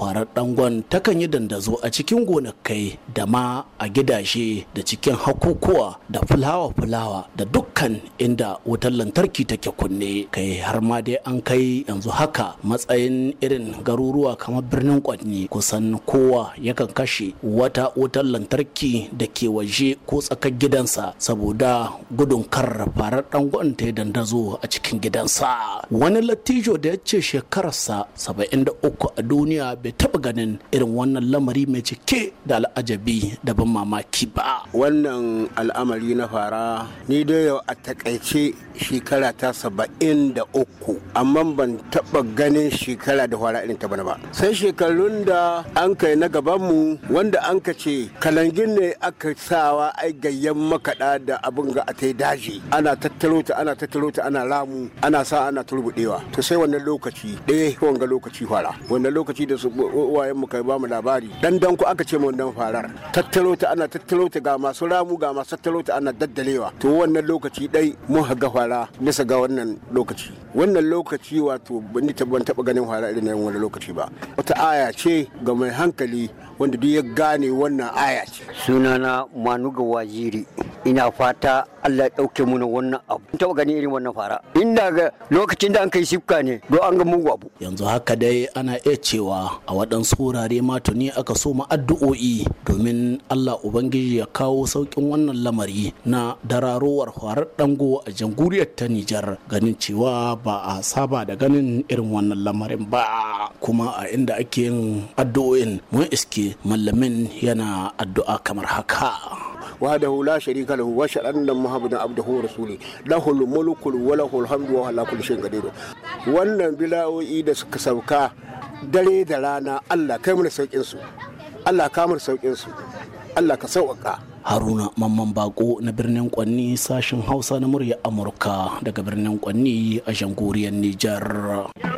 kwarar dangon takan yi dandazo a cikin gonakai da ma a gidaje da cikin hakukuwa da fulawa-fulawa da dukkan inda wutar lantarki take kunne kai har ma dai an kai yanzu haka matsayin irin garuruwa kamar birnin kwanni kusan kowa yakan kashe wata wutar lantarki da ke waje ko tsakar gidansa saboda gudun kar farar dangon ta yi dandazo a cikin gidansa wani lattijo da ya ce shekararsa 73 a duniya bai taba ganin irin wannan lamari mai cike da al'ajabi da ban mamaki ba wannan al'amari na fara ni dai yau a takaice shekara ta saba'in da uku amma ban taba ganin shekara da fara irin ta bana ba sai shekarun da an kai na gaban mu wanda an ka ce kalangin ne aka sawa ai gayyan makaɗa da abin ga a tai daji ana tattaro ta ana tattaro ta ana ramu ana sa ana turbuɗewa to sai wannan lokaci ɗaya wanga lokaci fara wannan lokaci da su uwayen mu kai bamu labari dan dan ku aka ce mu wannan farar tattalo ta ana tattalo ta ga masu ramu ga masu tattalo ta ana daddalewa to wannan lokaci dai mun ga fara bisa ga wannan lokaci wannan lokaci wato ban taba ganin fara irin nan wani lokaci ba wata aya ce ga mai hankali wanda duk ya gane wannan aya ce sunana manuga waziri ina fata Allah ya ɗauke mu wannan abu taɓa gani irin wannan fara inda ga lokacin da an kai sifka ne do an ga mugu abu yanzu haka dai ana iya cewa a waɗansu wurare ma tuni aka so ma addu'o'i domin Allah ubangiji ya kawo saukin wannan lamari na dararowar farar dango a jamhuriyar ta Nijar ganin cewa ba a saba da ganin irin wannan lamarin ba kuma a inda ake yin addu'o'in mun iske mallamin yana addu'a kamar haka وحده لا شريك له واشهد ان محمدا عبده ورسوله له الملك وله الحمد وهو على كل شيء قدير wannan bila'o'i da suka sauka dare da rana Allah kai mana saukin su Allah ka mana saukin su Allah ka sauƙaƙa haruna mamman bako na birnin kwanni sashen hausa na murya amurka daga birnin kwanni a jamhuriyar nijar